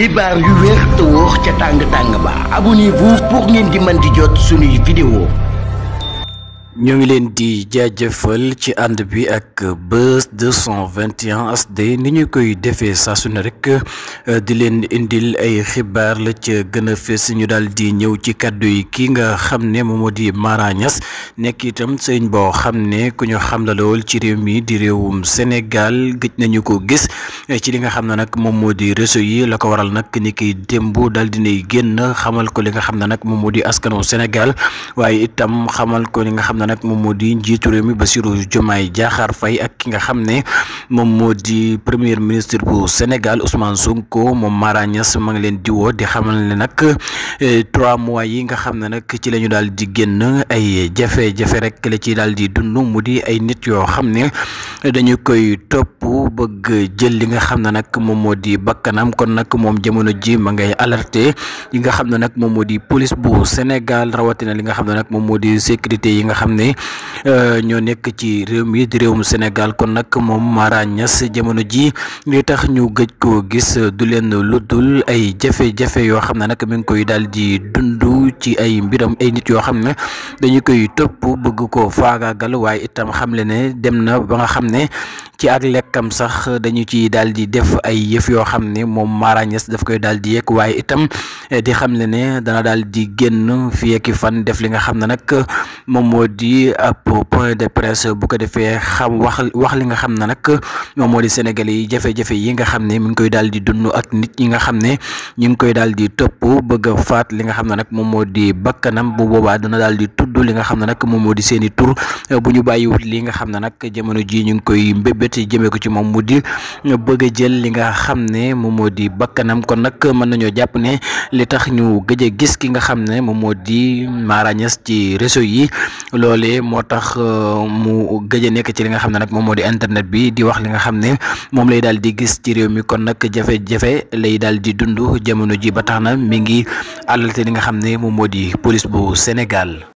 xibaar yu wér te wóor ca tàng tàng ba abonnez-vous pour ngeen di mën di jot suñuy vidéo ñoo ngi leen di jaajëfal ci ànd bi ak Buzz 221 HD ni ñu koy defee saa su rek euh, di leen indil ay xibaar la ca gën a fës ñu daal di ñëw ci kàddu yi kii nga xam ne moom moo di marañas nekk itam sëñ boo xam ne ku ñu xam la lool ci réew mi di réewum Sénégal gëj nañu ko gis euh, ci li nga xam ne nag moom moo di réseau yi la ko waral nag ni kiy démb daal di nay génn xamal ko li nga xam ne nag moom di askanu Sénégal waaye itam xamal ko li nga xam ne nag moom moo di njiitu réew mi Bassirou Diomaye Diakhar Faye ak ki nga xam ne moom moo di premier ministre bu Sénégal Ousmane Sonko moom Mara Niass ma ngi leen diwoo di xamal ne nag eh, trois mois yi nga xam ne nag ci la ñu daal di génn ay jafe-jafe rek la ci daal di dund mu di ay nit yoo xam ne dañu koy topp bëgg jël li nga xam ne nag moom moo di bakkanam kon nag moom jamono ji ma ngay alerte yi nga xam ne nag moom moo di police bu Sénégal rawatina li nga xam ne nag moom moo di sécurité yi nga xam ne Euh, ñoo nekk ci réew mi di réewum Sénégal kon nag moom Mara jamono ji li tax ñu gëj koo gis du leen lu dul ay jafe-jafe yoo xam ne nag mi ngi koy daal di dund ci ay mbiram ay nit yoo xam ne dañu koy topp bëgg ko faagaagal waaye itam xam le ne dem na ba nga xam ne ci ak lekkam sax dañu ci daal di def ay yëf yoo xam ne moom Mara daf koy daal di yëg waaye itam eh, di xam le ne dana daal di génn fi ak fan def li nga xam ne nag moom moo di ab point de presse bu ko defee xam wax wax li nga xam na nag moom moo di sénégalais yi jafe-jafe yi nga xam ne mi ngi koy daal di dund ak nit ñi nga xam ne ñu ngi koy daal di topp bëgg faat li nga xam ne nag moom moo di bakkanam bu boobaa dana daal di tudd li nga xam ne nag moom moo di seeni i tur bu ñu bàyyiwut li nga xam ne nag jamono ji ñu ngi koy mbébét jëmee ko ci moom mu di bëgg a jël li nga xam ne moom moo di bakkanam kon nag mën nañoo jàpp ne li tax ñu gëj a gis ki nga xam ne moom moo di maarañas ci réseau yi loole moo tax euh, mu gëj nekk ci li nga xam ne nag moom moo di internet bi di wax li nga xam ne moom lay daal di gis ci réew mi kon nag jafe-jafe lay daal di dund jamono ji ba tax na mi ngi àllalte li nga xam ne moom moo di police bu Sénégal